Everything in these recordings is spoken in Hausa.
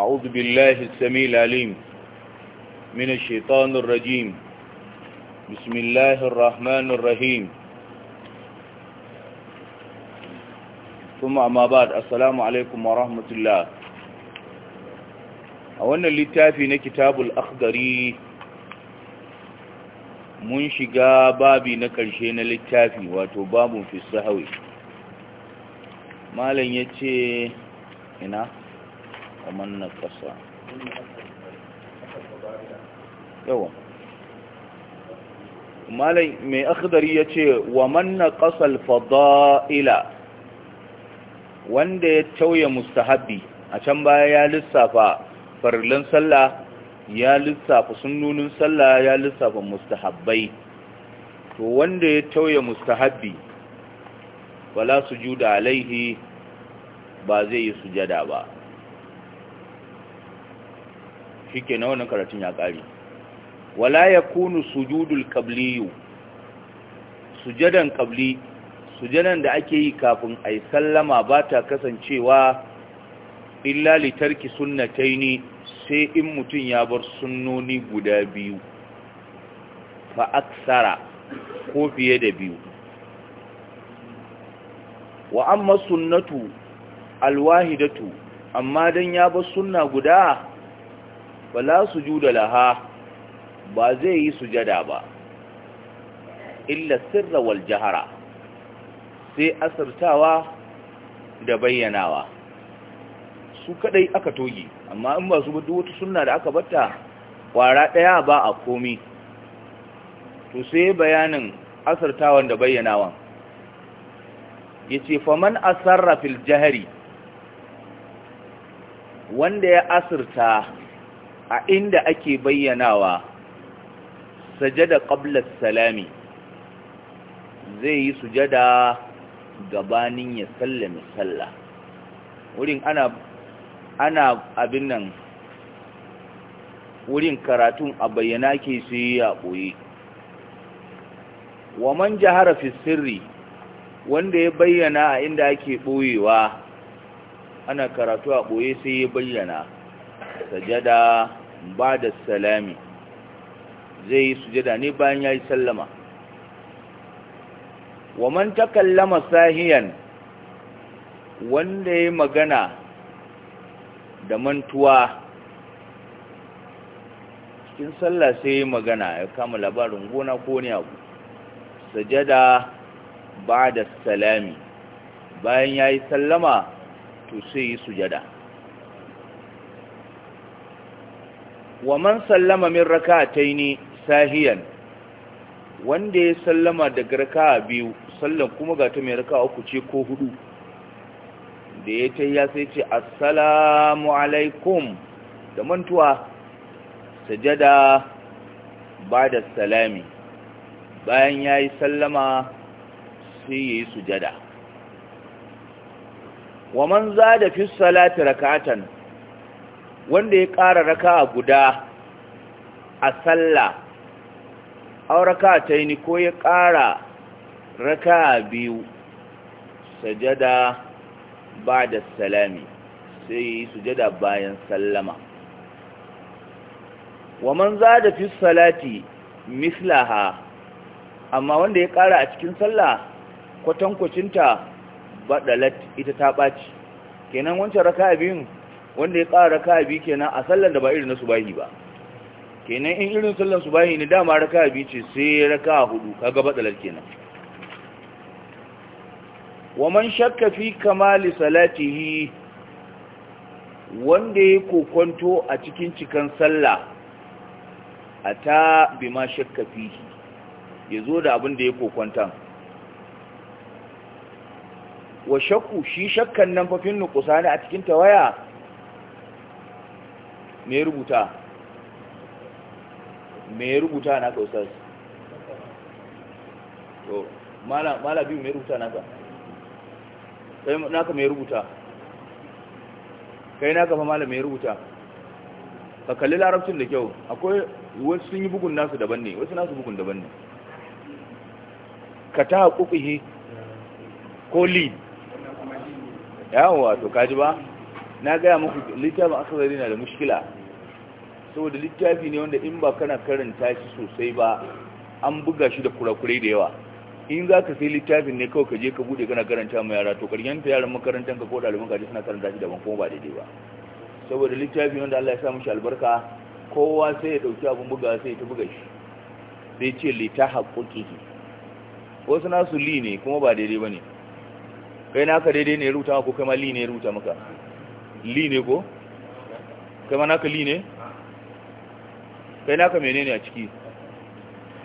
أعوذ بالله السميع العليم من الشيطان الرجيم بسم الله الرحمن الرحيم ثم أما بعد السلام عليكم ورحمة الله أولا للتافين كتاب الأخضري mun shiga babi na ƙarshe na littafi wato babun fi sahawi malam ya ce ina ومن نقص yawa malai mai akhdari ya ce wa manna ƙasar fada'ila wanda ya tauye mustahabi a can baya ya lissafa farillan sallah ya lissafa sunnunin sallah ya lissafa mustahabbai to wanda ya tauye mustahabi wala sujuda alaihi ba zai yi sujada ba shike na wannan karatun ya ƙare wala yakunu sujudul qabli sujadan qabli sujadan da ake yi kafin ai sallama ba ta kasancewa illa li tarki sunnataini sai in mutum ya bar sunnoni guda biyu fa aksara ko fiye da biyu wa amma sunnatu alwahidatu amma dan ya bar sunna guda fala sujuda laha ba zai yi sujada ba illa sirra wal jahara sai asirtawa da bayyanawa su kadai aka toge amma in ba su duk wata sunna da aka batta kwara daya ba a komi to sai bayanin asirtawan da bayyanawan ce faman asarrafil jahari wanda ya asirta a inda ake bayyanawa sajada qabla salami zai yi sujada gabanin ya sallame sallah wurin ana ana abin nan wurin karatun a bayyana ke su yi a ɓoye wa man jahara fi sirri wanda ya bayyana a inda ake ɓoyewa ana karatu a ɓoye sai ya bayyana sajada ba da salami zai yi sujada ne bayan ya yi sallama wa man takallama sahiyan wanda ya magana da mantuwa cikin sallah sai ya magana ya kama labarin gona ko ne abu sujada ba da salami bayan ya yi sallama to sai yi sujada wa man sallama min rakataini sahiyan wanda ya sallama daga raka'a biyu sallan kuma ga ta mai raka'a uku ce ko hudu da ya ta ya sai ce assalamu alaikum da mantuwa sajada bada salami bayan ya yi sallama sai ya yi sujada wa man za da fi salati raka'atan wanda ya ƙara raka guda a sallah raka ta yi ko ya ƙara raka biyu sajada ba da salami sai yi sujada bayan sallama wa man za da fi salati mislaha amma wanda ya ƙara a cikin sallah kwatankwacinta ba ɗalat ita ta ɓaci kenan wancan raka biyun wanda ya ƙara raka kenan a sallar da ba irin na subahi ba kenan in irin sallar subahi ne dama raka biyu ce sai raka hudu kaga batsalar kenan wa man shakka fi kamali salatihi wanda ya kokonto a cikin cikan sallah a ta bi ma shakka fi ya zo da abin da ya kokonta wa shakku shi shakkan nan fafin nukusa ne a cikin tawaya me rubuta me rubuta na ka ustaz to malam biyu me rubuta na ka kai naka me rubuta kai naka fa malam me rubuta ka kalli larabcin da kyau akwai wasu sun yi bugun nasu daban ne wasu nasu bugun daban ne ka ta haƙuƙi ko lead yawon wato kaji ba na gaya muku littafin akazari na da mushkila saboda littafi ne wanda in ba kana karanta shi sosai ba an buga shi da kurakurai da yawa in za ka sai littafin ne kawai ka je ka bude kana karanta ma yara to ta yaran makarantar ka ko da ka suna karanta shi daban kuma ba daidai ba saboda littafi wanda Allah ya sa mushi albarka kowa sai ya dauki abun buga sai ta buga shi sai ce li ta wasu nasu li ne kuma ba daidai ba ne kai naka daidai ne rubuta maka ko kai ma li ne rubuta maka li ne ko kai ma naka li ne kai naka menene a ciki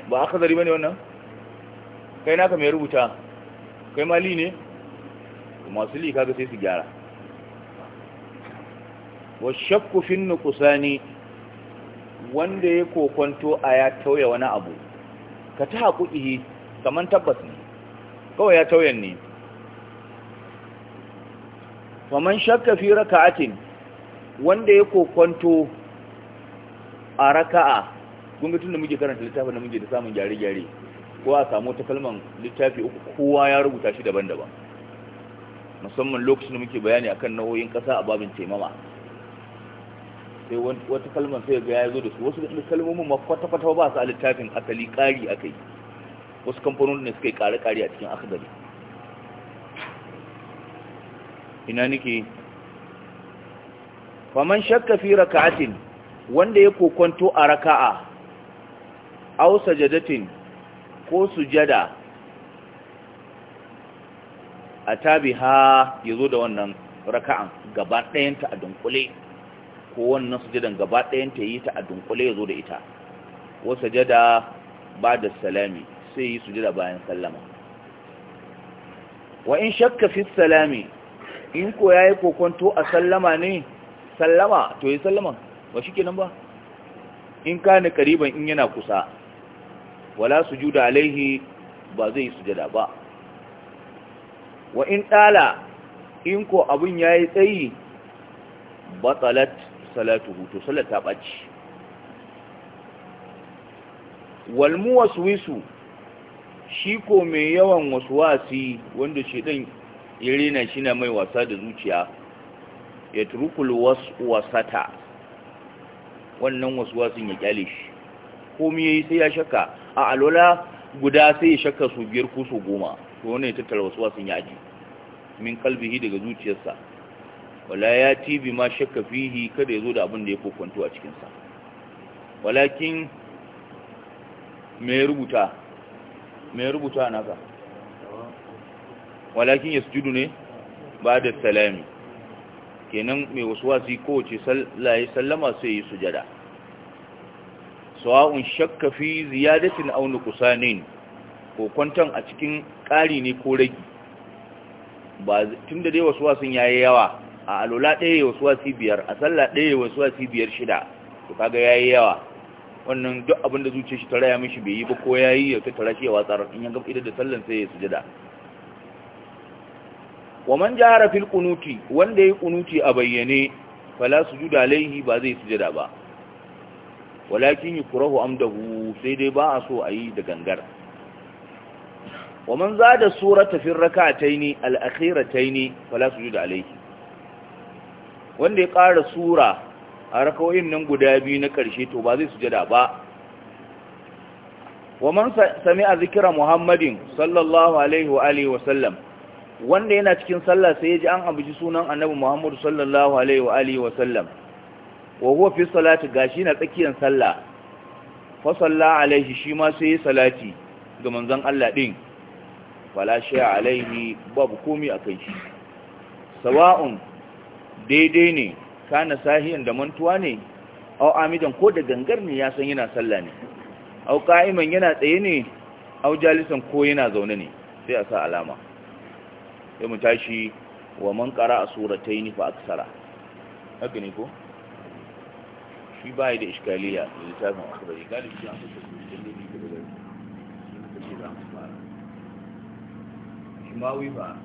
ba aka zari bane wannan kai naka mai rubuta kai ma li ne masu li kaga sai su gyara wa shakku fi nuqsani wanda ya kokonto a ya tauya wani abu ka ta haƙuƙi kamar tabbas ne kawai ya tauyan ne faman shakka fi raka'atin wanda ya kokonto a raka'a kun ga tunda muke karanta littafin da muke da samun gyare-gyare ko a samu ta kalman littafi uku kowa ya rubuta shi daban-daban musamman lokacin da muke bayani akan nauyin ƙasa a babin taimama sai wata kalman sai ga ya zo da su wasu da kalmomin ma kwata-kwata ba su a littafin asali ƙari akai wasu kamfanonin ne suka yi kare ƙare a cikin akadari ina nake faman shakka fi raka'atin wanda ya kokonto a raka'a aw sajadatin ko sujada a tabiha yazo da wannan raka'an gaba ɗayanta a dunkule ko wannan sujadan gaba ɗayanta yi ta a dunkule yazo da ita wa sajada ba da salami sai yi sujada bayan sallama wa in shakka fi salami in ko ya yi kokonto a sallama ne sallama to yi sallama ba shi kenan ba in ka ni kariban in yana kusa wala su juda alaihi ba zai sujada ba wa in ɗala in ko abin ya yi tsayi batsalat salatu, to salat ta ɓaci walmu wasu wisu shi ko mai yawan wasu wasi wanda shi ɗin ya rena shi na mai wasa da zuciya ya turukul wasata wannan wasuwasin ya kyale shi komi ya yi sai ya shaka? a alola guda sai ya shaka su biyar ko su goma to wani ya tattara wasuwasin ya aji min kalbihi daga zuciyarsa wala ya ti bi ma shakka fihi kada ya zo da abin da ya kokwanto a cikinsa walakin mai rubuta mai rubuta naka walakin sujudu ne ba da salami kenan mai wasu wasi kowace laye sallama sai yi sujada sawa'un shakka fi ziyadatin kusa ne. ko kwantan a cikin ƙari ne ko ragi ba tun da dai wasu ya yi yawa a alola ɗaya wasu biyar a sallah ɗaya wasu biyar shida to kaga yi yawa wannan duk abin da zuciyar shi ta raya mishi bai yi ba ko ya yi ya ta tara shi ya watsar in ya gaba idan da sallan sai ya sujada wa man jahara fil qunuti wanda yayi qunuti a bayyane fala sujuda alaihi ba zai sujada ba walakin yukrahu amdahu sai dai ba a so ayi da gangar wa man zada surata fil rak'ataini al akhirataini fala sujuda alaihi wanda ya ƙara sura a rakawoyin nan guda biyu na ƙarshe to ba zai sujada ba wa man sami a zikira muhammadin sallallahu alaihi wa alihi wasallam wanda yana cikin sallah sai ya ji an abuji sunan annabi Muhammadu sallallahu alaihi wa alihi wa sallam wa huwa fi salati gashi na tsakiyar sallah fa salla alaihi shi ma sai ya salati ga manzon Allah din fala alaihi babu komai akai shi sawa'un daidai ne kana sahiyan da mantuwa ne aw amidan ko da gangar ne ya san yana sallah ne aw qa'iman yana tsaye ne aw jalisan ko yana zaune ne sai a sa alama sai mu tashi wa man suratai suratayn fa aksara haka ne ko shi ba yi da iskaliya da littafin akhbari gani shi an fito da dalili da dalili shi ma wi ba